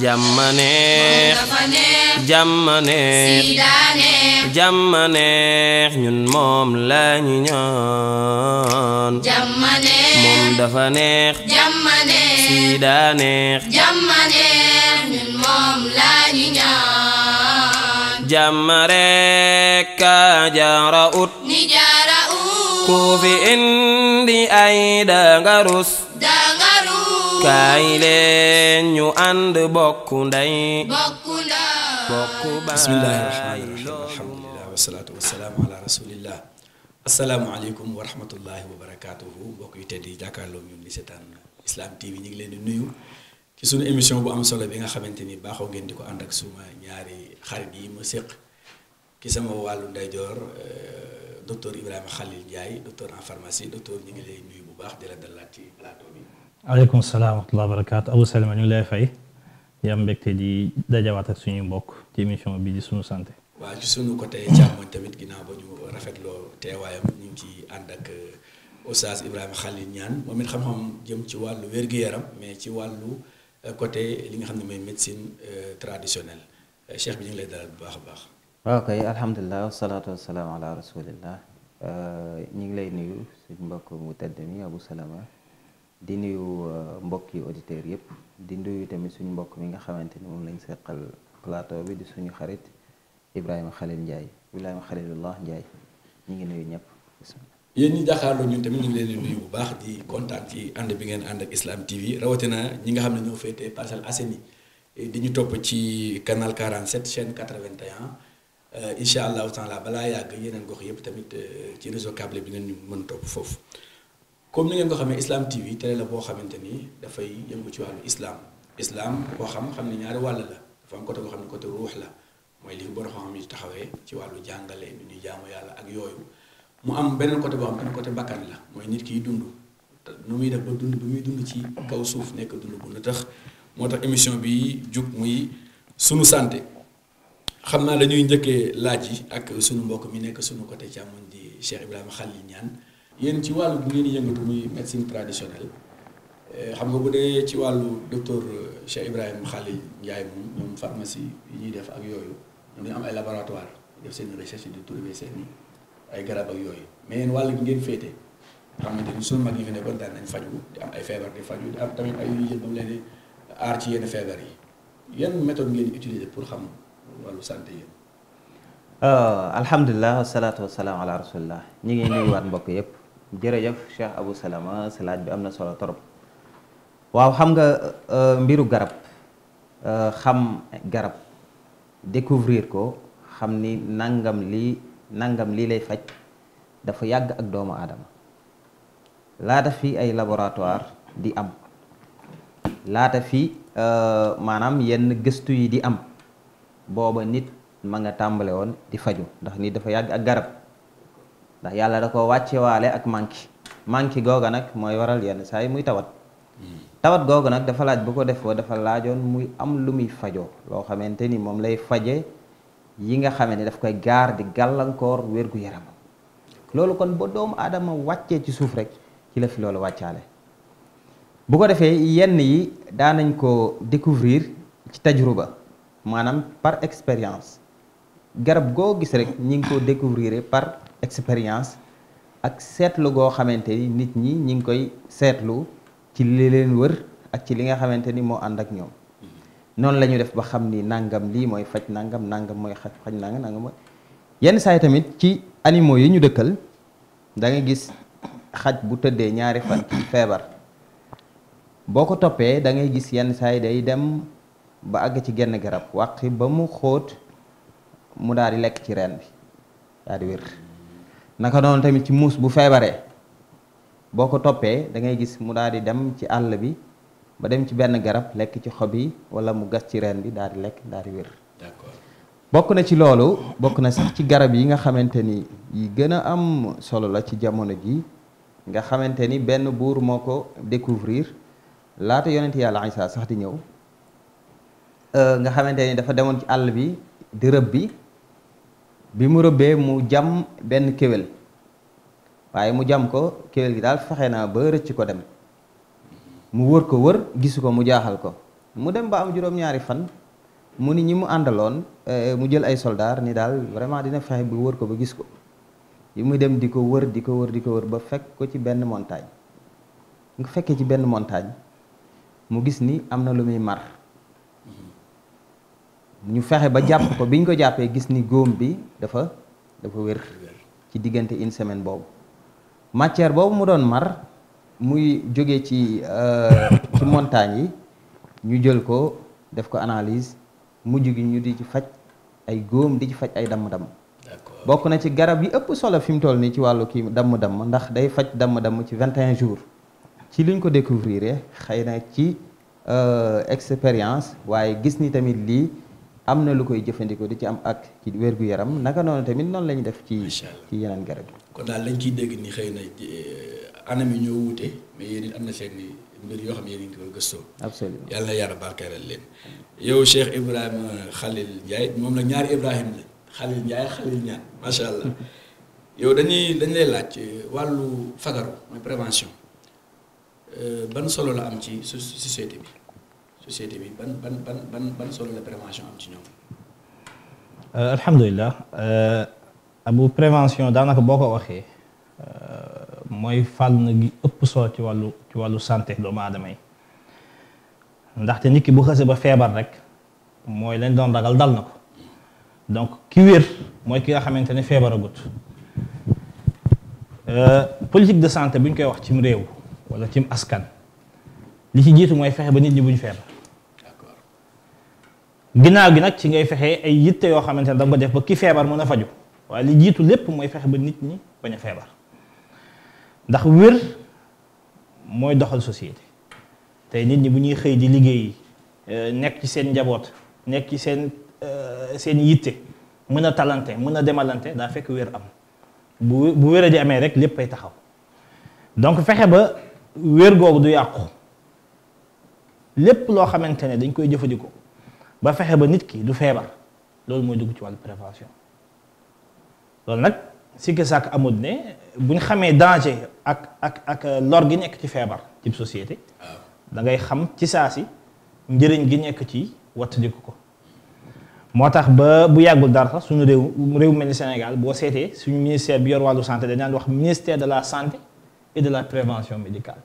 jàmmaneex jàmmaneex jàmmaneex ñun moom la ñu ñoon moom dafa neex siida neex ñun moom la ñu ñoon jàmm rek ka jaara ut ni jaara ut ku fi indi ay dangarus kaay leen ñu ànd bokk ndey bokk baay bismillahi rahmaani rahim alhamdulilah wasalaatu wasalaamu ala rasulillah asalaamualeykum yu tedd yi jàkkaarloo ñun li seetaan ñu ngi leen di nuyu ci suñu émission bu am solo bi nga xamante ni baaxoo ngeen di ko ànd ak suma ñaari xarit yi ma séq ki sama wàllu ndeyjoor euh, docteur Ibrahima Khalil Ndiaye docteur en pharmacie docteur ñu ngi lay nuyu bu baax di la dalaat ci plateau عليكم السلام ورحمه الله وبركاته ابو سلمى ني لاي فاي يام بك تي دي دجاوات اك سوني بوك تي ميشن بي دي سونو سانتي وا جي سونو كوتي جامو تاميت غينا با نيو رافيت لو تي وايام ني نتي اندك آه، استاذ ابراهيم خليل نيان مومن خام خام جيم تي والو ويرغي يارام مي تي والو آه، كوتي ليغا خامني مي ميديسين تراديسيونيل آه، شيخ بي ني لاي دال باخ باخ اوكي الحمد لله والصلاه والسلام على رسول الله ني لاي نيو سي مبوك مو تدمي ابو سلامه di nuyu yi euh, auditeurs yëpp di nuyu tamit suñu mbokk mi nga xamante ni moom lañu seqal plateau bi di suñu xarit Ibrahima Khalil Ndiaye Ibrahima Khalilullah Ndiaye ñu ngi nuyu ñëpp. yéen ñi jàkkaarloo ñun tamit ñu ngi leen nuyu bu baax di kontaan ci ànd bi ngeen ànd ak Islam TV rawatina ñi nga xam ne ñoo féetee Parcelles Assainies di ñu topp ci canal 47 chaîne 81. Euh, incha allahu taala balaa yàgg yeneen gox yëpp tamit euh, ci réseau câble bi ngeen ñu mën topp foofu comme ni ngeen ko xamee Islam TV télé la boo xamante ni dafay yëngu ci wàllu islam islam boo xam xam ne ñaari wàll la dafa am côté boo xam ne côté ruux la mooy li fi borom xam-xam yi taxawee ci wàllu jàngale ni ñuy jaamu yàlla ak yooyu mu am beneen côté boo xam ne côté bakkan la mooy nit kiy dund nu muy def ba dund bi muy dund ci kaw suuf nekk dund bu nëtëx moo tax émission bi jug muy sunu santé xam naa dañuy njëkkee laaj yi ak sunu mbokk mi nekk sunu côté càmmoñ di Cheikh Ibrahima Khalil ñaan yéen ci wàllu bu ngeen yëngatu muy médecine traditionnelle eh, xam nga bu dee ci wàllu docteur eh, Cheikh Ibrahim Khalil Ndiaye moom ñoom pharmacie yi ñuy def ak yooyu ñu am ay laboratoire def seen recherche di trouver seen ay garab ak yooyu mais yéen wàll gi ngeen féete xamante ni suñu mag yi fi nekkoon daan nañ faju di am ay feebar di faju di am tamit ay yu jël ba leen aar ci yenn feebar yi yan méthode ngeen utiliser pour xam wàllu santé yéen. Euh, alhamdulilah wasalaatu wasalaam ala rasulillah ñu ngi mbokk yëpp. jërëjëf Cheikh Abou Salama si bi am na solo trop waaw xam nga euh, mbiru garab euh, xam garab découvrir ko xam ni nangam lii nangam lii lay faj dafa yàgg ak doomu aadama laata fii ay laboratoire di am laata fii euh, maanaam yenn gëstu yi di am booba nit ma nga tàmbale woon di faju ndax nit dafa yàgg ak garab ndax yalla da ko wacce walé ak manki manki googa nak moy waral yenn say muy tawat hmm. tawat googu nak dafa laaj bu ko defoo dafa laajon muy am lu muy fajoo loo xamante ni lay faje yi nga xamanteni daf koy gar di galankor wergu yaram lolu kon bo doomu adama wacce ci souf rek ci la fi lolu waccale bu ko defé yenn yi nañ ko découvrir ci tajruba manam par experience, garab go gis rek ñing ko découvrir par expérience ak seetlu goo xamante ni nit ñi ñi ngi koy seetlu ci li leen wër ak ci li nga xamante ni moo ànd ak ñoom mm-hmm. noonu la ñu def ba xam ni nangam lii mooy faj nangam nangam mooy xaj faj nangam nangam mooy yenn saa tamit ci animaux yi ñu dëkkal dangay gis xaj bu tëddee ñaari fan ci feebar boo ko toppee da ngay gis yenn saa day dem ba àgg ci genn garab wàqi ba mu xóot mu daal di lekk ci reen bi daal di wér naka noonu tamit ci muus bu feebaree boo ko toppee da ngay gis mu daal di dem ci àll bi ba dem ci benn garab lekk ci xob yi wala mu gas ci reen bi daal di lekk daal di wér. bokk na ci loolu bokk na sax ci garab yi nga xamante ni yi gën a am solo la ci jamono ji nga xamante ni benn buur moo ko découvrir laata yonent yàlla Isaa sax di ñëw euh, nga xamante ni dafa demoon ci àll bi di bi. bi mu rëbbee mu jam benn kéwél waaye mu jam ko kéwél gi daal fexe naa ba rëcc ko dem mu wër ko wër gisu ko mu jaaxal ko mu dem ba am juróom-ñaari fan mu ni ñi mu àndaloon eh, mu jël ay soldaar ni daal vraiment dina fexe bu wër ko ba gis ko yi muy dem di ko wër di ko wër di ko wër ba fekk ko ci benn montagne nga fekkee ci benn montagne mu gis ni am na lu muy mar ñu fexé ba japp ko biñ ko jappé gis ni góom bi dafa dafa wér ci diggante une semaine boobu matière bobu mu doon mar muy joggé ci euh, ci montagne yi ñu jël ko def ko analyse mujj gi ñu di ci faj ay góom di ci faj ay dam damm bokk na ci garab yi ëpp solo fi mu toll ni ci wàllu kii dam dam ndax day faj dam dam ci 21 jours ci liñ ko découvrir xëy na ci euh, expérience waaye gis ni tamit lii am na lu koy jëfandikoo di ci am ak ci wér-gu-yaram naka noonu tamit noonu la def ci ci yeneen garab yi kon daal lañ ciy dégg ni xëy na eh, anam yi ñoo wute mais yéen am na seen mbir yoo xam ne yéen ngi ko gëstoo absolument yàlla yàlla barkeeral leen yow Cheikh Ibrahima Khalil Ndiaye moom la ñaari Ibrahima la Khalil Ndiaye Khalil Niang macha allah yow dañuy dañ lay laaj eh, wàllu fagaru mooy prévention eh, ban solo la am ci société bi société bi ban ban ban ban ban solo la prévention am ci ñoom. alhamdulilah bu prévention daanaka boo ko waxee mooy fànn gi ëpp solo ci wàllu ci wàllu santé doomu aadama ndax te nit ki bu xëse ba feebar rek moy lañ doon ragal dal nako donc ki wér moy ki nga xamanteni xamante ne euh politique de santé buñ koy wax cim réew wala ci askan li ci jitu moy fexe ba nit ñi buñ feebar ginaaw gi nag ci ngay fexe ay yitte yoo xamante ne da ko def ba ki feebar mën a faju waaye li jiitu lépp mooy fexe ba nit ñi bañ a feebar ndax wér mooy doxal société tey nit ñi bu ñuy xëy di liggéey nekk ci seen njaboot nekk ci seen seen yitte mën a talante mën a demalante daa fekk wér am bu bu wér di amee rek lépp ay taxaw donc fexe ba wér googu du yàqu lépp loo xamante ne dañ koy jëfandikoo. ba fexe ba nit ki du feebar loolu mooy dugg ci wàllu prévention loolu nag sikki sàkk amut ne bu ñu xamee danger ak ak ak lor gi nekk ci feebar ci société da ngay xam ci saa si njëriñ gi nekk ci wattandiku ko moo tax ba bu yàggul dara sax suñu réew réew mel ni Sénégal boo seetee suñu ministère bi yor wàllu santé dañ wax ministère de la santé et de la prévention médicale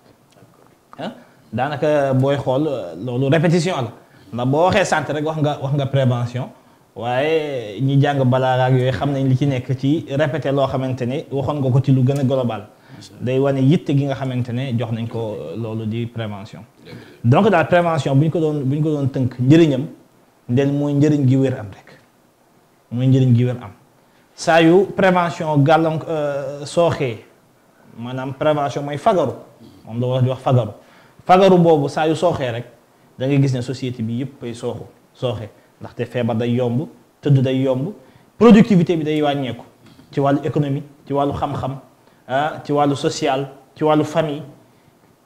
ah daanaka booy xool loolu répétition la ndax boo waxee sant rek wax nga wax nga prévention waaye ñi jàng balaa ak yooyu xam nañ li ci nekk ci répété loo xamante ne waxoon nga ko ci lu gën a golobal day wane yitte gi nga xamante ne jox nañ ko loolu di prévention. donc daal prévention bu ñu ko doon bu ñu ko doon tënk njëriñam ndel mooy njëriñ gi wér am rek mooy njëriñ gi wér am saa yu prévention gàllank euh, sooxee maanaam prévention mooy fagaru moom la war di wax fagaru fagaru boobu saa yu sooxee rek. da ngay gis ne société bi yëpp ay sooxu sooxe ndaxte feebar day yomb tëdd day yomb productivité bi day wàññeeku ci wàllu économie ci wàllu xam-xam ah, ci wàllu social ci wàllu famille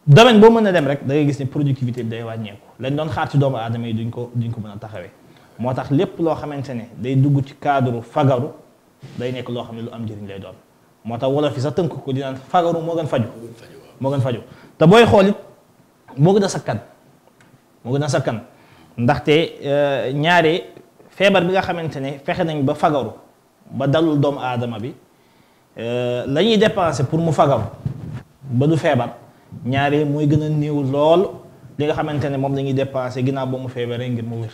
domaine boo mën a dem rek da gis ne productivité bi day wàññeeku lañ doon xaar ci doomu aadama yi duñ ko duñ ko mën a taxawee moo tax lépp loo xamante ne day dugg ci cadre fagaru day nekk loo xam ne lu am njëriñ lay doon moo tax wolof yi sax tënk ko dinaan fagaru moo gën faju moo gën faju te booy xool it moo gën moo gën a sakkan ndaxte e, ñaare feebar bi nga xamante ne fexe nañ ba fagaru ba dalul doomu aadama bi e, la ñuy dépensé pour mu fagaru ba du feebar ñaare mooy gën a néew lool li nga xamante ne moom la ñuy dépensé ginnaaw ba mu feebaree ngir mu wér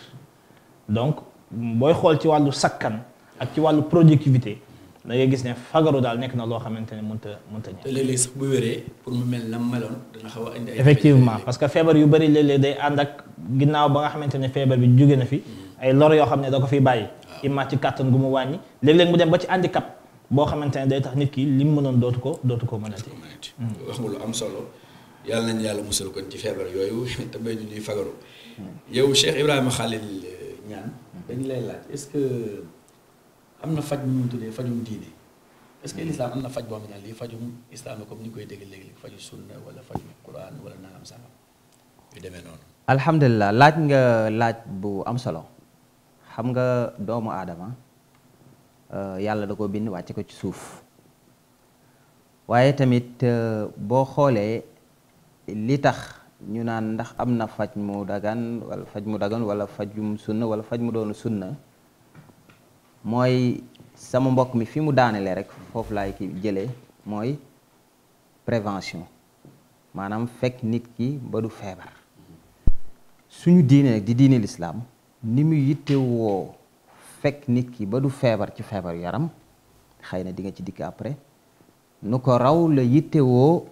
donc booy xool ci wàllu sakkan ak ci wàllu productivité da ngay gis ne fagaru daal nekk na loo xamante ne mënta mënta ñàkk. te léeg-léeg sax bu wéree pour mu mel na mu meloon dana xaw a indi ay. effectivement parce que feebar yu bëri léeg-léeg day ànd ak ginnaaw ba nga xamante ne feebar bi jóge na fi. ay lor yoo xam ne da ko fiy bàyyi. imma ci kàttan gu mu wàññi léeg-léeg mu dem ba ci handicap boo xamante ne day tax nit ki li mu mënoon dootu ko dootu ko mënati. wax nga lu am solo yàlla nañu yàlla musal kon ci feebar yooyu te bay ñu ñuy fagaru. yow Cheikh Ibrahima Khalil Niane dañu lay laaj est-ce que am na faj bu ñu tuddee fajum diine est-ce que lislaam am na faj boo xam ne daal lii fajum islaam la comme ni ñu koy dégg léegi faju sunna wala faju quran wala nangam sangam yu demee noonu. alhamdulilah laaj nga laaj bu am solo xam nga doomu aadama yàlla da ko bind wàcce ko ci suuf waaye tamit boo xoolee li tax ñu naan ndax am na faj mu dagan wala faj mu dagan wala fajum sunna wala faj mu doonu sunna. mooy sama mbokk mi fi mu daanelee rek foofu laay ki jële mooy prévention maanaam fekk nit ki ba du feebar suñu diine di diine lislaam ni mu yitte woo fekk nit ki ba feebar ci feebar yaram xëy na di nga ci dikk après nu ko raw la yitte woo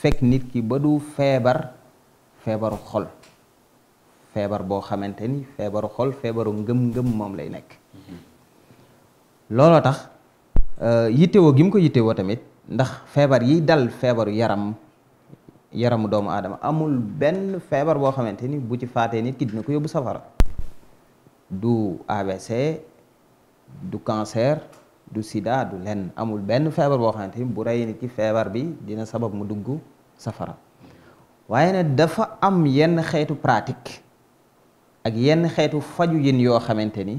fekk nit ki ba du feebar feebaru xol feebar boo xamante ni feebaru xol feebaru ngëm-ngëm moom lay nekk looloo tax euh, yittewoo gi mu ko yittewoo tamit ndax feebar yi dal feebaru yaram yaramu doomu aadama amul benn feebar boo xamante ni bu ci faatee nit ki dina ko yóbbu safara du ABC du cancer du sida du lenn amul benn feebar boo xamante ni bu rey nit ki feebar bi dina sabab mu dugg safara waaye nag dafa am yenn xeetu pratique ak yenn xeetu faju yin yoo xamante ni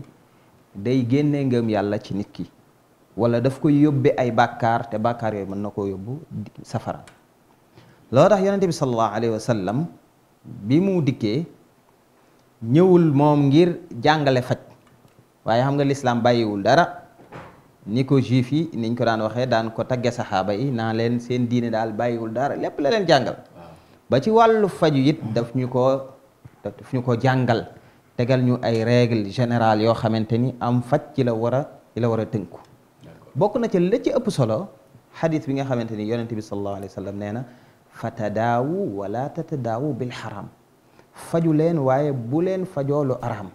day génne ngëm yàlla ci nit ki wala daf koy yóbbe ay bàkkaar te bàkkaar yooyu mën na koo yóbbu safara loo tax yonente bi sallallahu alayhi wa sallam bi mu dikkee ñëwul moom ngir jàngale faj waaye xam nga lislaam bàyyiwul dara ni ko juif yi niñ ko daan waxee daan ko tagge saxaaba yi naa leen seen diine daal bàyyiwul dara lépp la leen jàngal ba ci wàllu faju it daf ñu ko jàngal tegal ñu ay règle générale yoo xamante ni am faj ci la war a ci la war a tënku bokk na ci la ci ëpp solo xadis bi nga xamante ni yonente bi sallallahu alayhi wa sallam nee na fatadaawu wala tatadaawu bil xaram faju leen waaye bu leen fajoo lu araam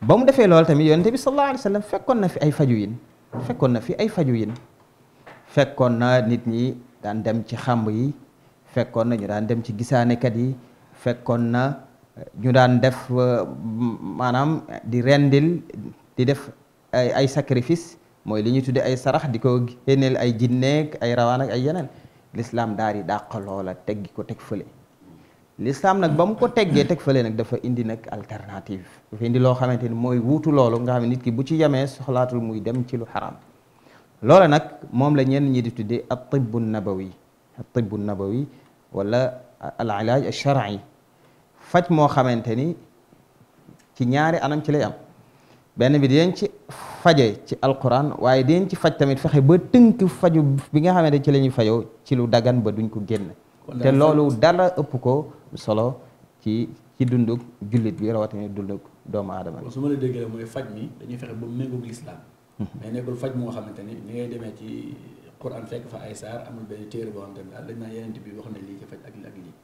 ba mu defee loolu tamit yonente bi sallallahu alayhi wa sallam fekkoon na fi ay faju yin fekkoon na fi ay faju yin fekkoon na nit ñi daan dem ci xamb yi fekkoon na ñu daan dem ci gisaanekat yi fekkoon na ñu daan def manam di rendil di def ay sacrifice moy li ñuy tuddee ay sarax diko hénel génneel ay jinneek ay rawan ak ay yenen l'islam daal dàq loola teggi ko teg feulé l'islam nak bam ko teggé teg feulé nak dafa indi nak alternative dafa indi lo xamanteni moy mooy wuutu loolu nga xam nit ki bu ci yamé soxlaatul muy dem ci lu haram loola nak mom la ñen ñi di tudde at at-tibbun nabawi at tibbun nabawi wala العلاج الشرعي faj moo xamante ni ci ñaari anam ci lay am benn bi dinañ ci faje ci alquran waaye dinañ ci faj tamit fexe ba tënk faju bi nga xamante ci la ñuy fajoo ci lu daggan ba duñ ko génn te loolu dara ëpp ko solo ci ci jullit bi rawatina dundug doomu aadama bi su ma la déggee mooy faj mi dañuy fexe ba méngoog lislaam mhm. mais nekkul faj moo xamante ni ni ngay demee ci quran fekk fa ay saar amul benn téere boo xamante ni daal dañ naa yeneen bi wax na lii ci faj ak lii ak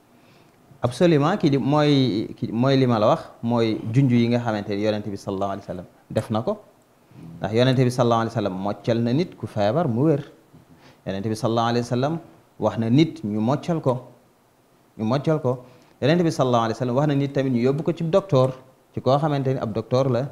absolument ki di mooy ki mooy li ma la wax mooy junj yi nga xamante ni yonente bi sallallahu alayhi wa sallam def na ko ndax yonente bi sallallahu alayhi wa sallam moccal na nit ku feebar mu wér yonente bi sallallahu alayhi wa sallam wax na nit ñu moccal ko ñu moccal ko yonente bi sallallahu alayhi wa sallam wax na nit tamit ñu yóbbu ko ci docteur ci koo xamante ni ab docteur la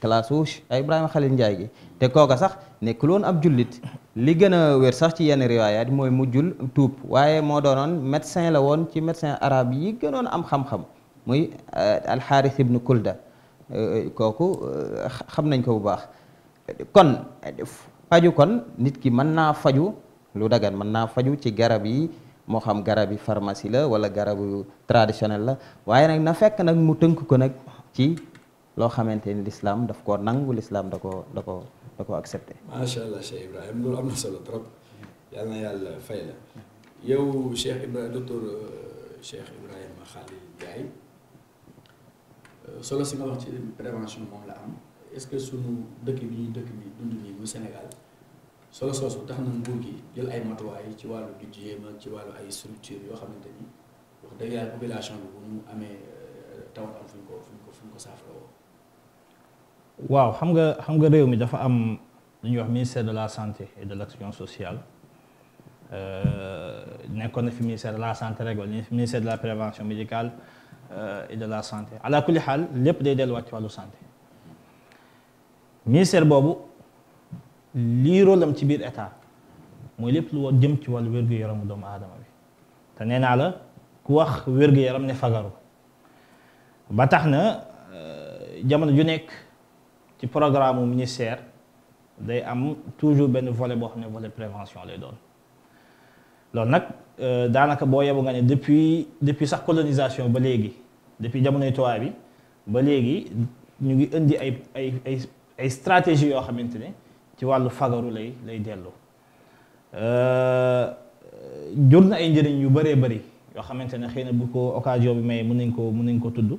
classe wu Ibrahima Khalil Ndiaye gi te kooka sax nekkul woon ab jullit li gën a wér sax ci yenn riwaayaat mooy mu jul tuub waaye moo doonoon médecin la woon ci médecin arabe yi gënoon am xam-xam muy eh, alxaaris ibnu Kulda eh, kooku eh, xam nañ ko bu baax kon faju kon nit ki mën naa faju lu dagan mën naa faju ci garab yi moo xam garab yi pharmacie la wala garabu traditionnel la waaye nag na fekk nag mu tënk ko nag ci loo xamante ni lislaam daf ko nangu lislaam da koo da koo da koo accepté. macha allah Cheikh Ibrahima am na solo trop yal na yàlla fay la yow Cheikh Ibrahima docteur euh, Cheikh Ibrahima Khalil euh, moom la am est que sunu dëkk bi dëkk bi dund nii bu Sénégal. solo soosu tax na nguur gi jël ay matuwaay ci wàllu budget ak ci wàllu ay structure yoo xamante ni wax dëgg yàlla population bu mu amee euh, taw am fu ñu waaw xam nga xam nga réew mi dafa am lu ñuy wax ministère de la santé et de l' action sociale nekkoon na fi ministère de la santé rek wala ministère de la prévention médicale et de la santé ala kulli xaal lépp day delluwaat ci wàllu santé ministère boobu lii rôle am ci biir état mooy lépp lu jëm ci wàllu yaramu doomu aadama bi te nee naa la ku wax wer yaram ne fagaru ba tax na jamono ju nekk. ci programme mu ministère day am toujours ben volet bo xam volet prévention lay doon loolu nag euh, danaka bo yebu nga ni depuis depuis sax colonisation ba l'égui depuis jamonoy tubaab bi ba légui ñu ngi indi ay ay ay stratégie yo xamante ci walu fagaru lay lay dello euh na ay njëriñ yu bari bari yo xamante ne bu ko occasion bi may mën nañ ko mën nañ ko tuddu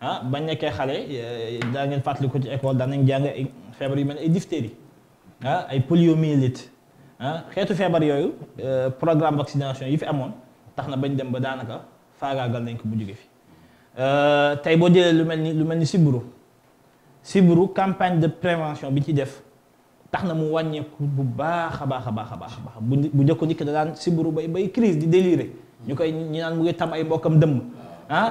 ah bañ nekkee xale eh, daa ngeen fàttaliku ci école daan jàng ay feebar yu mel ne ay diphtérie ah ay poliomyélite ah xeetu feebar yooyu eh, programme vaccination yi fi amoon tax na bañ dem ba daanaka faagaagal nañ ko bu jóge fi eh, tey boo jëlee lu mel ni lu mel ni sibbiru sibbiru campagne de prévention bi ci def tax na mu wàññeeku bu baax a baax a baax a baax bu bu njëkk njëkk da daan sibbiru bay bay crise di déliré ñu koy ñu naan mu ngi tam ay mbokkam dëmm ah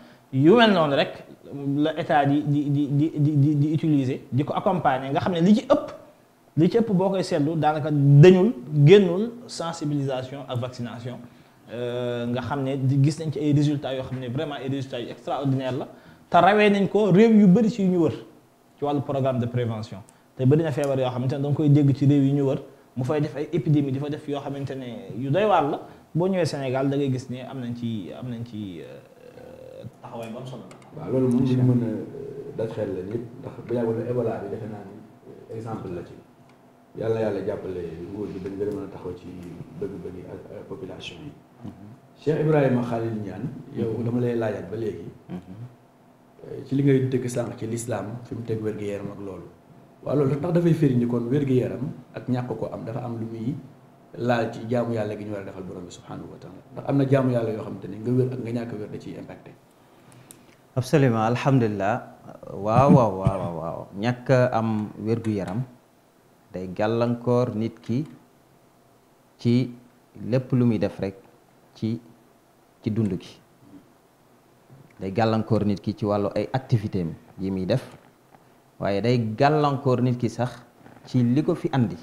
yu mel noonu rek la état di di di di di di utiliser di ko accompagner nga xam ne li ci ëpp li ci ëpp boo koy seetlu daanaka dañul génnul sensibilisation ak vaccination euh, nga xam ne gis nañ ci ay résultats yoo xam ne vraiment ay résultats yu extraordinaire la te rawee nañ ko réew yu bëri ci ñu wër ci wàllu programme de prévention te bëri na feebar yoo xamante ne da nga koy dégg ci réew yu ñu wër mu fay def ay épidémie di fa def yoo xamante ne yu doy waar la boo ñëwee Sénégal da ngay gis ne am nañ ci am nañ ci euh, taxawaay bu am solo la. waaw loolu moom li mën a euh, xel la nit ndax bu yàggul ne Ebola bi defe naa ni euh, exemple la ci yàlla yàlla jàppale nguur gi dañ gën a mën a taxaw ci bëgg-bëgg yi ak population yi. Mm-hmm. Cheikh Ibrahima Khalil yow dama lay laajaat ba léegi. Mm-hmm. Euh, ci li ngay dëgg sànq ci lislaam fi mu teg wér-gu-yaram ak loolu waaw loolu tax dafay firi ni kon wér-gu-yaram ak ñàkk ko am dafa am lu muy laal ci jaamu yàlla gi ñu war a defal borom bi subhanahu wa taala ndax am na jaamu yàlla yoo xamante ni nga wér da ciy impacté absolument alhamdulilah waaw waaw waaw waaw ñàkk am wér yaram day gàllankoor nit ki ci lépp lu muy def rek ci ci dund ki day gàllankoor nit ki ci wàllu ay activité am yi muy def waaye day gàllankoor nit ki sax ci li ko fi andi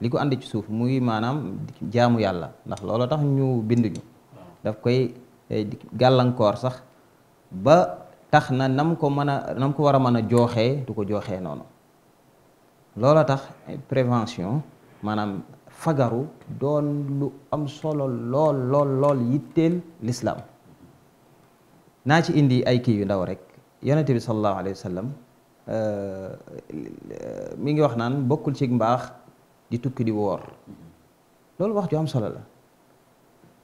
li ko andi ci suuf muy maanaam jaamu yàlla ndax loolu tax ñu bind ñu daf koy eh, gàllankoor sax ba tax na nam ko mën a nam ko war a mën a jooxee du ko jooxee noonu a tax prévention maanaam fagaru doon lu am solo lool lool lool yitteel lislaam naa ci indi ay kii yu ndaw rek yonente bi sallallahu alayhi wa sallam euh, mi ngi wax naan bokkul ci mbaax di tukki di woor loolu wax ju am solo la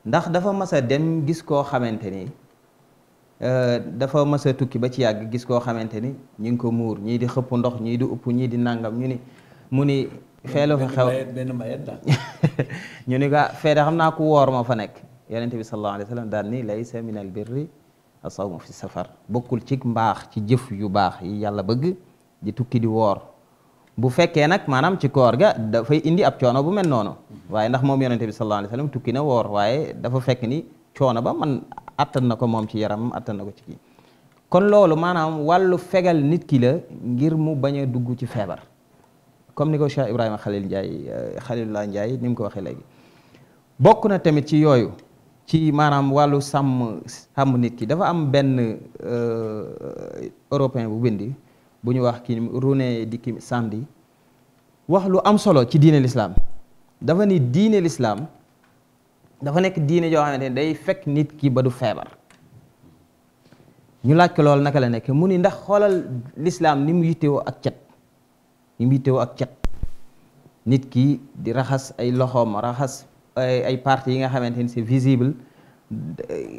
ndax dafa mas dem gis koo xamante ni dafa mës a tukki ba ci yag gis ko xamanteni ni ngi ko mur ñi di xëpp ndox ñi di upp ñi di nangam ñu ni mu ni xélo fa xew ñu ni ga fé da xamna ku wor ma fa nek yaronte bi sallallahu alayhi wasallam dal ni laysa min al birri asawmu fi safar bokul ci mbax ci jëf yu bax yi yàlla bëgg di tukki di wor bu fekke nak manam ci koor ga da fay indi ab choono bu mel noonu waye ndax mom yaronte bi sallallahu alayhi wasallam tukki na wor waye dafa fekk ni choono ba man attan na ko moom ci yaram attan na ko ci kii kon loolu maanaam wàllu fegal nit ki la ngir mu bañ a dugg ci feebar comme ni ko Cheikh Ibrahima Khalil Ndiaye euh, Khalilullah Ndiaye ni mu ko waxee léegi bokk na tamit ci yooyu ci maanaam wàllu sàmm sàmm nit ki dafa am benn euh, européen bu bindi bu ñu wax ki René Dickie Sandi wax lu am solo ci diine lislaam dafa ni diine lislaam dafa nek diine jo xamante day fek nit ki ba du febar ñu laaj ko loolu naka la nek mu ni ndax xolal l'islam ni mu yittewoo ak ciat ni mu yittewoo ak ciat nit ki di raxas ay loxom raxas ay parti yi nga xamante c'est visible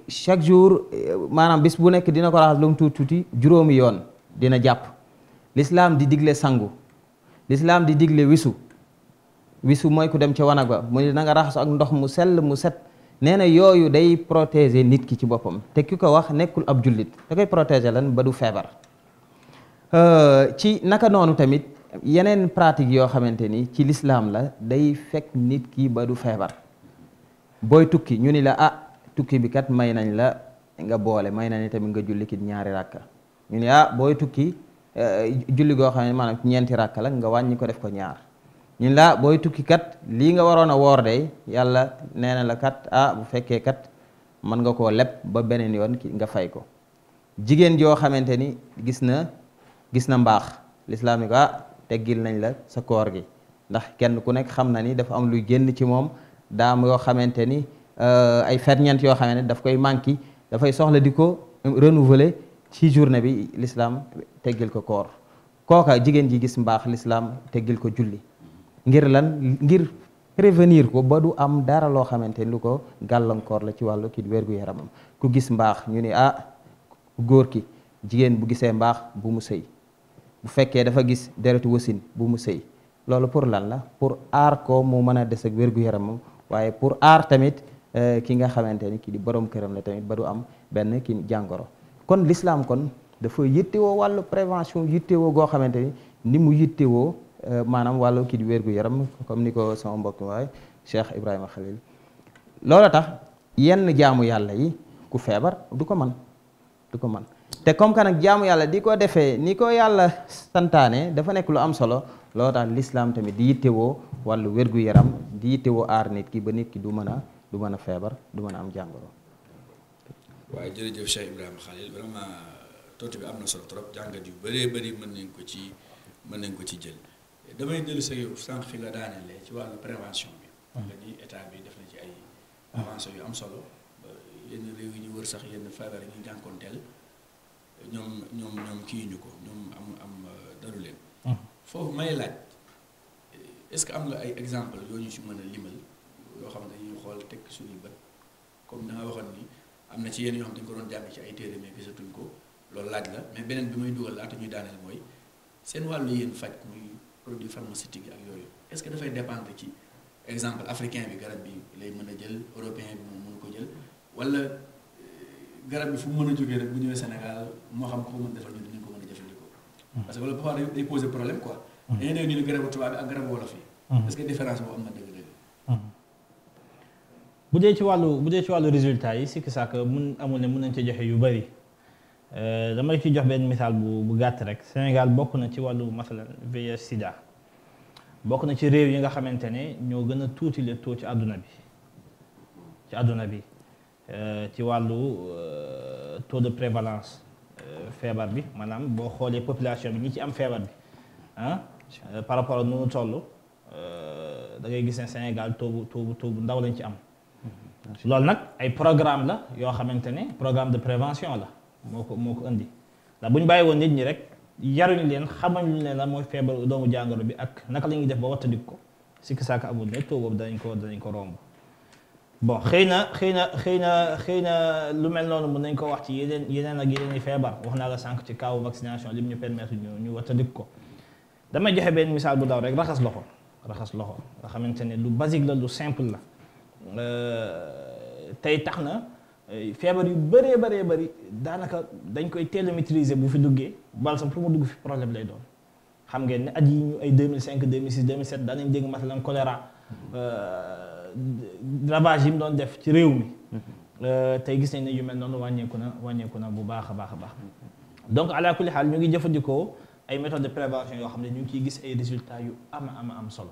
chaque jour manam bis bu nek dina ko raxas lu mu tuuti tuuti juróomi yoon dina jàpp l'islam di digle sangu l'islam di digle wisu wisu mooy ku dem ca wanag ba mu ne na nga ak ndox mu sell mu set nee na yooyu day protéger nit ki ci boppam te ki ko wax nekkul ab jullit da koy protéger lan ba du feebar euh, ci naka noonu tamit yeneen pratique yoo xamante ni ci lislaam la day fekk nit ki ba du feebar booy tukki ñu ni la ah tukki bi kat may nañ la nga boole may nañ tamit nga julli kit ñaari ràkka ñu ni ah booy tukki euh, julli goo xam ne maanaam ñeenti ràkka la nga wàññi ko def ko ñaar ñun laa booy tukki kat lii nga waroon a woor day yàlla nee na la kat ah bu fekkee kat mën nga koo leb ba beneen yoon nga fay ko jigéen joo xamante ni gis na gis na mbaax lislaam yi ko ah teggil nañ la sa koor gi ndax kenn ku nekk xam na ni dafa am luy génn ci moom daam yoo xamante ni euh, ay ferñeent yoo xamante ni daf koy manqué dafay soxla di ko renouveler ci journée bi lislaam teggil ko koor kooka jigéen ji gis mbaax lislaam teggil ko julli ngir lan ngir prévenir ko ba du am dara loo xamante ni lu ko gàllankoor la ci wàllu kii wér-gu-yaramam ku gis mbaax ñu ne ah góor ki jigéen bu gisee mbaax bu mu sëy bu fekkee dafa gis deretu wasin bu mu sëy loolu pour lan la pour aar ko mu mën a des ak wér yaramam waaye pour aar tamit eh, ki nga xamante ni kii di borom këram la tamit ba du am benn ki jàngoro kon l'islam kon dafa yittewoo wàllu prévention yittewoo goo xamante ni ni mu yittewoo Euh, maanaam wàllu kii di wérgu yaram comme ni ko sama mbokk waaye Cheikh Ibrahima Khalil loola tax yenn jaamu yàlla yi ku feebar du ko man du ko man te comme que nag jaamu yàlla di koo defee ni ko yàlla santaane dafa nekk lu am solo loo tax lislaam tamit di yittewoo wàllu wérgu yaram di yittewoo aar nit ki ba nit ki du mën a du mën a feebar du mën a am jàngoro. waaw jërëjëf Cheikh Ibrahima Khalil vraiment tontu bi am na solo trop jàngat yu bëree bëri mën nañ ko ci damay dellu sa yow sànq fi nga daanelee ci wàllu prévention bi. Hmm. na ni état bi def na ci ay avancé yu am solo yenn réew yi ñu wër sax yenn feebar yi ñu jànkoonteel ñoom ñoom kii ñu ko ñoom am am euh, daru leen. Hmm. foofu may laaj euh, est-ce que am nga ay exemple yoo ñu ci mën a limal yoo xam ne ñuy xool teg suñu bët comme da nga waxoon ni am na ci yenn yoo xam dañu ko doon jàng ci ay téere mais gisatuñ ko loolu laaj la mais beneen bi may dugal laata ñuy daaneel mooy seen wàllu yéen faj muy. produit pharmaceutique yi ak yooyu est-ce que dafay dépendre ci exemple africain bi garab bi lay mën a jël européen bi moom mënu ko jël wala euh, garab bi fu mu mën a jógee rek bu ñëwee Sénégal moo xam ko mën defal ñu a jëfandikoo. Mm-hmm. parce mm-hmm. ne garabu tubaab bi ak garabu wolof yi. Mm-hmm. est-ce différence boobu amul ne mun nañ ci joxe yu bari. Euh, dama ci jox benn misaal bu bu gàtt rek Sénégal bokk na ci wàllu masalan VIH sida bokk na ci réew yi nga xamante ne ñoo gën a tuuti le taux ci àdduna bi ci àdduna bi euh, ci wàllu euh, taux de prévalence feebar bi maanaam boo xoolee population bi ñi ci am feebar bi ah par rapport ak nu toll da ngay gis Sénégal taux bu taux bu ndaw lañ ci am loolu nag ay programme la yoo xamante ne programme de prévention la moo ko moo ko indi ndax bu ñu bàyyi woon nit ñi rek yaruñ leen xamañ leen la mooy feebar doomu jàngoro bi ak naka la ñuy def ba wattandik ko sikki saaka amul ne taux boobu danañ ko danañ ko romb bon xëy na xëy na xëy na xëy na lu mel noonu mun nañ ko wax ci yeneen yeneen ak yeneen i feebar wax naa la sànq ci kaw vaccination lim ñu permettre ñu ñu wattandik ko damay joxe benn misaal bu daw rek raxas loxo raxas loxo nga xamante ne lu basique la lu simple la euh, tey tax na feebar yu bëree bëree bari daanaka dañ koy teel a bu fi duggee bal sax pour mu dugg fi problème lay doon xam ngeen ne at yi ñu ay 2005 2006 2007 daan nañ dégg masalan choléra euh, ravage yi mu doon def ci réew mi euh, tey gis nañ ne yu mel noonu wàññeeku na wàññeeku na bu baax a baax a baax donc ala kulli xaal ñu ngi jëfandikoo ay méthodes de prévention yoo xam ne ñu ngi ciy gis ay résultat yu am am am solo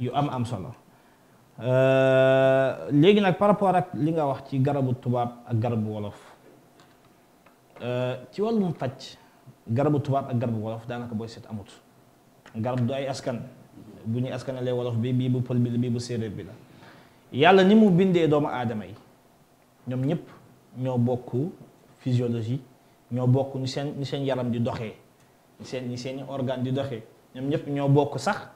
yu am am solo léegi nag par rapport ak li nga wax ci garabu tubaab ak garabu wolof ci wàllum faj garabu tubaab ak garabu wolof daanaka booy seet amut garab du ay askan bu ñuy askanalee wolof bi bii bu pël bi la bii bu séeréer bi la yàlla ni mu bindee doomu aadama yi ñoom ñëpp ñoo bokk physiologie ñoo bokk ni seen ni seen yaram di doxee ni seen ni seeni organ di doxee ñoom ñëpp ñoo bokk sax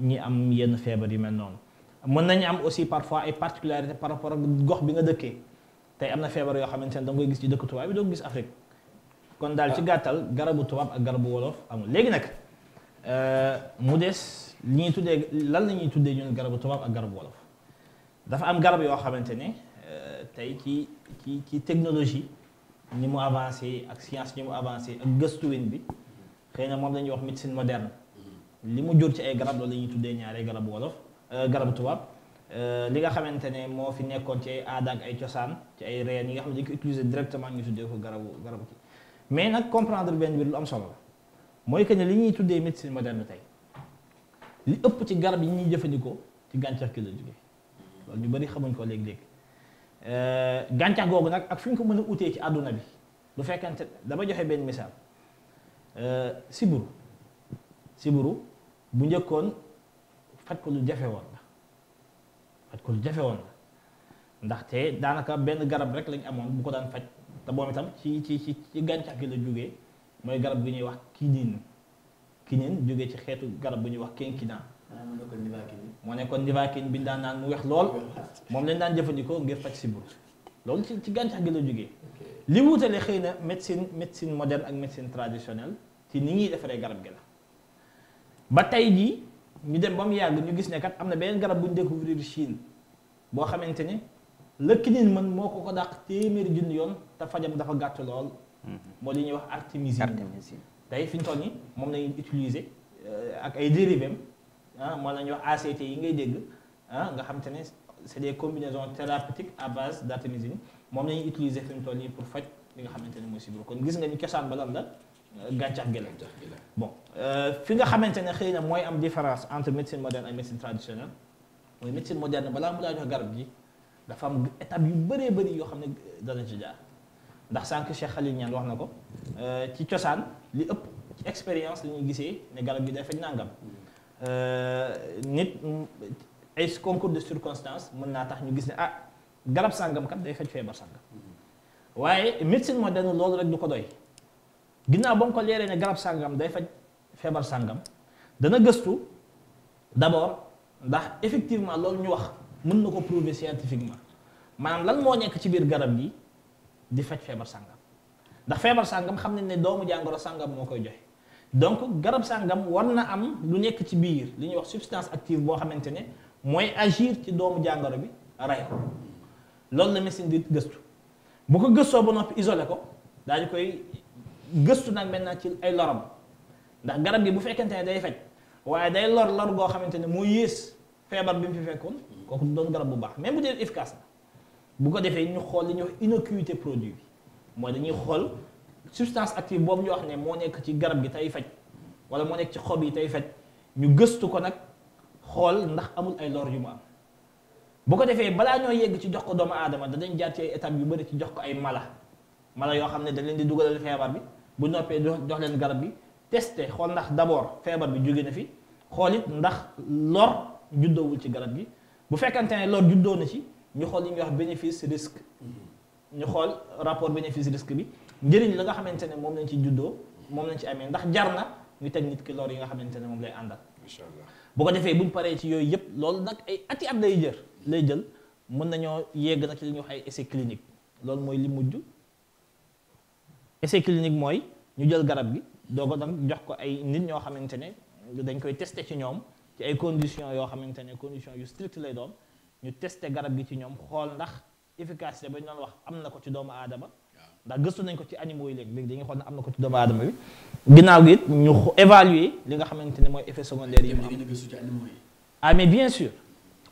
ñi am yenn feebar yu mel noonu mën nañu am aussi parfois ay particularités par rapport ak gox bi nga dëkkee tey am na feebar yoo xamante ni da koy gis ci dëkk tubaab bi doo gis Afrique kon daal ci ah. gàttal garabu tubaab ak garabu wolof amul léegi nag euh, mu des li ñuy tuddee lan la ñuy tuddee ñun garabu tubaab ak garabu wolof dafa am garab yoo xamante ne euh, tey ci ci ci technologie ni mu avancé ak science ni mu avancé ak gëstuwin bi xëy na moom la ñuy wax médecine moderne li mu jur ci ay garab loolu la ñuy tuddee ñaari garabu wolof garabu tubaab li nga xamante ne moo fi nekkoon ci ay aada ak ay cosaan ci ay reen yi nga xam ne dañ ko utiliser directement ñu tuddee ko garab garab ki mais nag comprendre benn bir lu am solo la mooy que ne li ñuy tuddee médecine moderne tey li ëpp ci garab yi ñuy jëfandikoo ci gàncax ki la jóge loolu ñu bëri xamuñ ko léeg-léeg gàncax googu nag ak fi ñu ko mën a utee ci àdduna bi lu fekkante dama joxe benn misaal siburu siburu bu njëkkoon faj ko lu jafe woon la faj ko lu jafe woon la ndaxte daanaka benn garab rek lañ amoon bu ko daan faj te moom itam ci ci ci gàncax gi la jógee mooy garab gi ñuy wax kinin kinin jógee ci xeetu garab bu ñuy wax kenkina moo nekkoon nivaquine bi daan mu weex lool moom lañ daan jëfandikoo ngir faj sibur loolu ci ci gàncax gi la jógee li wuutale xëy na médecine médecine moderne ak médecine traditionnelle ci ni ñuy defaree garab gi la ba tey jii ñu dem ba mu yàgg ñu gis ne kat am na beneen garab bu ñu découvrir Chine boo xamante ne la quinine mën moo ko ko daq téeméeri junni yoon te fajam dafa gàtt lool. Mhm. moo li ñuy wax artémisine. artémisine tey fi ñu toll nii moom la ñuy utiliser euh, ak ay dérivés ah moom la ñuy wax ACT yi ngay dégg ah nga xam te ne c' est des combinaisons thérapeutiques à base d' moom la ñuy utiliser fi mu pour faj li nga xamante ne mooy sibiru kon gis nga ñu cosaan ba lan la euh, gàncax gi la. bon fi nga xamante ne xëy na mooy am différence entre médecine moderne ak médecine traditionnelle mooy médecine moderne balaa mu laa jox garab gi dafa am étape yu bëree bëri yoo xam ne dana ci jaar ndax sànq Cheikh Khalil Niane wax na ko ci cosaan li ëpp ci expérience li ñuy gisee ne garab gi day faj nangam nit ay concours de circonstance mën naa tax ñu gis ne ah garab sàngam kat day faj feebar sàngam waaye médecine moderne loolu rek du ko doy. ginnaaw ba nga ko leeree ne garab sàngam day faj feebar sàngam dana gëstu d'abord ndax effectivement loolu ñu wax mun na ko prouver scientifiquement maanaam lan moo nekk ci biir garab gi di faj feebar sàngam ndax feebar sàngam xam nañ ne doomu jàngoro sàngam moo koy joxe donc garab sàngam war na am lu nekk ci biir li ñuy wax substance active boo xamante ne mooy agir ci doomu jàngaro bi ray ko loolu la médecine di gëstu bu ko gëstoo ba noppi isolé ko daañu gëstu nag maintenant ci ay lorom ndax garab gi bu fekkente ne day faj waaye day lor lor goo xamante ne moo yées feebar bi mu fi fekkoon kooku doon garab bu baax même bu dee efficace bu ko defee ñu xool li ñu wax produit bi mooy dañuy xool substance active boobu ñu wax ne moo nekk ci garab gi tey faj wala moo nekk ci xob yi tey faj ñu gëstu ko nag xool ndax amul ay lor yu mu am bu ko defee balaa ñoo yegg ci jox ko doomu aadama danañ jaar ci ay étapes yu bëri ci jox ko ay mala mala yoo xam ne dañ leen di bi bu noppee jox leen garab bi teste xool ndax d'abord feebar bi jóge na fi xool it ndax lor juddoowul ci garab bi bu fekkante ne lor juddoo na ci ñu xool yi ñuy wax bénéfice risque ñu xool rapport bénéfice risque bi njëriñ la nga xamante ne moom lañ ci juddoo moom lañ ci amee ndax jar na ñu teg nit ki lor yi nga xamante ne moom lay àndal. incha allah bu ko defee bu mu paree ci yooyu yëpp loolu nag ay ati at lay jër lay jël mën nañoo yegg nag ci li ñu wax ay essai clinique loolu mooy li mujj. essai clinique mooy ñu jël garab gi doog ko dem jox ko ay nit ñoo xamante ne dañ koy testé ci ñoom ci ay conditions yoo xamante ne conditions yu strict lay doon ñu testé garab gi ci ñoom xool ndax efficacité ba ñu doon wax am na ko ci doomu aadama ndax gëstu nañ ko ci animaux yi léegi léegi dañuy xool ne am na ko ci doomu aadama bi ginnaaw gi ñu évaluer li nga xamante ne mooy effet secondaire yi mu ah mais bien sûr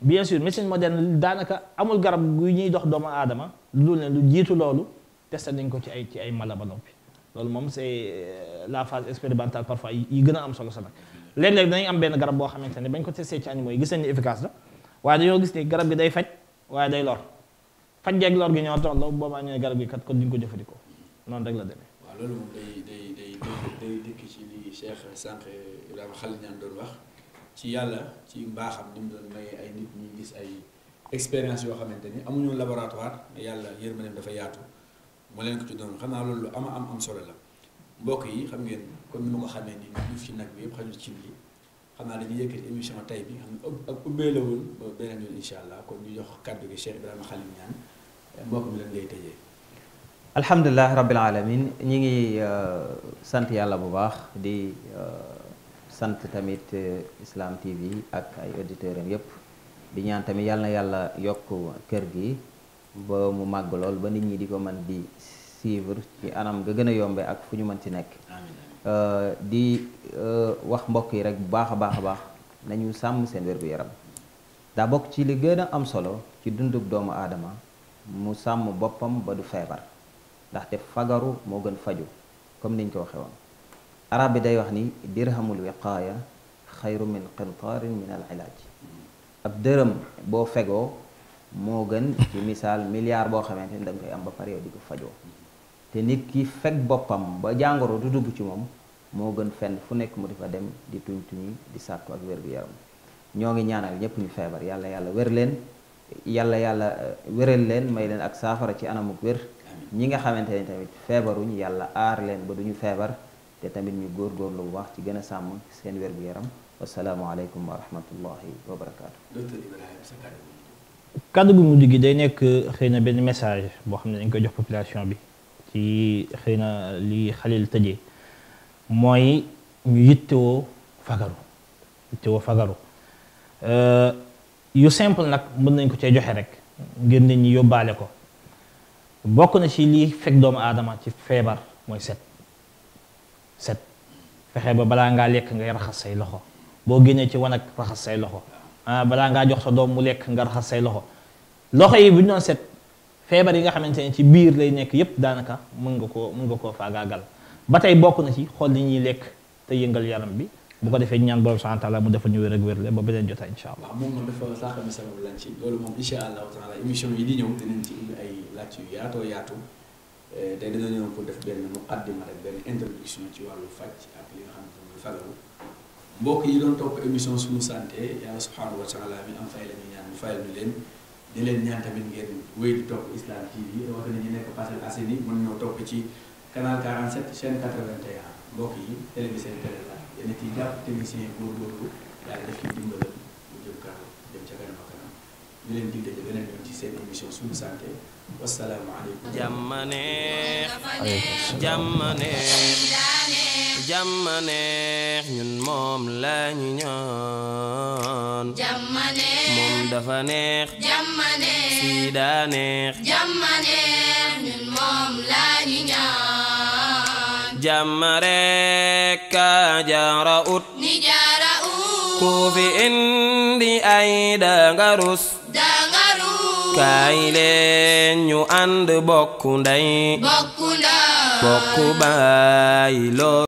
bien sûr médecine moderne daanaka amul garab gu ñuy dox doomu aadama lu dul ne lu jiitu loolu testé nañ ko ci ay ci ay mala ba noppi loolu moom c'est euh, la phase expérimentale parfois yi gën a am solo sa nag léeg-léeg danañ am benn garab boo xamante ne bañ ko testé ci animaux yi gis nañ ni efficace la waaye dañoo gis ni garab gi day faj waaye day lor faj geeg lor gi ñoo tolloo boobaa ñu ne garab gi kat kon duñ ko jëfandikoo noonu rek la demee. waaw loolu moom day day day day dikk ci li Cheikh Sànq Ibrahima Khalil doon wax ci yàlla ci mbaaxam ni mu maye ay nit ñuy gis ay expérience yoo xamante ni amuñu laboratoire yàlla yërmandeem dafa yaatu. moo leen ko tuddoon xanaa loolu ama am am solo la mbokk yi xam ngeen comme ni ma ko xamee ni duuf ci nag bi yëpp xajul ci bi xam naa dañuy yëkkati émission tay bi xam ne ak ubbee la woon ba beneen yoon incha allah kon ñu jox kàddu gi Cheikh Ibrahima Khalil ñaan mbokk mi lan ngay tëjee alhamdulilah rabbil alamin ñi ngi sant yàlla bu baax di sant tamit Islam TV ak ay auditeurs yëpp di ñaan tamit yàlla na yàlla yokk kër gi ba mu màgg lool ba nit ñi di ko mën di suivre ci anam nga gën a yombe ak fu ñu mën ci nekk euh, di euh, wax mbokk yi rek bu baax a baax a baax nañu sàmm seen wér-gu-yaram daa bokk ci li gën a am solo ci dundub doomu aadama mu sàmm boppam ba du feebar ndaxte fagaru moo gën faju comme niñ ko waxe woon arab bi day wax ni dirhamul wiqaaya xayru min qintaarin min al ilaaj ab dërëm boo fegoo moo gën ci misaal milliard boo xamante ni da koy am ba pare yow di ko fajoo te nit ki fekk boppam ba jàngoro du dugg ci moom moo gën fenn fu nekk mu di fa dem di tuñ tuñi di sàkku ak wér gu yaram ñoo ngi ñaanal ñëpp ñu feebar yàlla yàlla wér leen yàlla yàlla eh, wéral leen may leen ak saafara ci anamuk wér ñi nga xamante ne tamit feebaruñ yàlla aar leen ba duñu feebar te tamit ñu góorgóorlu bu wax ci gën a sàmm seen wér gu yaram wasalaamualeykum wa rahmatullahi wa كادو بو مودي غي دينيك خينا بين ميساج بو خمنا نكو جوخ بوبولاسيون بي تي خينا لي خليل تدي موي ني يتو فاغارو يتو فاغارو ا يو سامبل ناك مود نانكو تي جوخي رك غير نيت ني يوباليكو بوك نا سي لي فك دوم ادمه تي فيبر موي سيت سيت فخه با بلا نغا ليك غي رخص سي لوخو بو غيني تي وناك رخص Ah, balaa ngaa jox sa doom mu lekk nga raxas say loxo loxo yi bu ñu doon set feebar yi nga xamante ne ci biir lay nekk yépp daanaka mën nga koo mën nga koo faagaagal ba tey bokk na ci xool ni ñuy lekk te yëngal yaram bi bu ko defee ñaan borom subhanahu wa taala mu defal ñu wér ak wér le ba beneen jotaay incha allah. waaw moom moom dafa saaxal mi sabab lañ ci loolu moom incha allahu taala émission yi di ñëw dinañ ci indi ay laaj yu yaatoo yaatu eh, tey dina ñëw pour def benn muqaddima rek benn introduction ci wàllu faj ak li nga xam ne mooy mbokk yi doon topp émission suñu santé yàlla subhanahu wa taala mi am fay la ñuy ñaan mu fayal ñu leen di leen ñaan tamit ngeen wéy topp Islam TV wax na ñu nekk Parcelles Assainies mën ñoo topp ci canal 47 chaîne 81 mbokk yi télé bi seen télé la yéen ci def ci dimbalal mu jëm kanam jëm ca kanam ak kanam ñu leen di daje beneen yoon ci seen émission suñu santé wasalaamaaleykum. jàmmane jàmmane. jàmmaneex ñun moom la ñu dafa neex jàmmaneex si daa ñun moom la ñu ñaan ka jaara ut ni jaara ku fi indi ay dangarus dangarus kaay leen ñu ànd bokku ndey bokku ndey bokk baay loo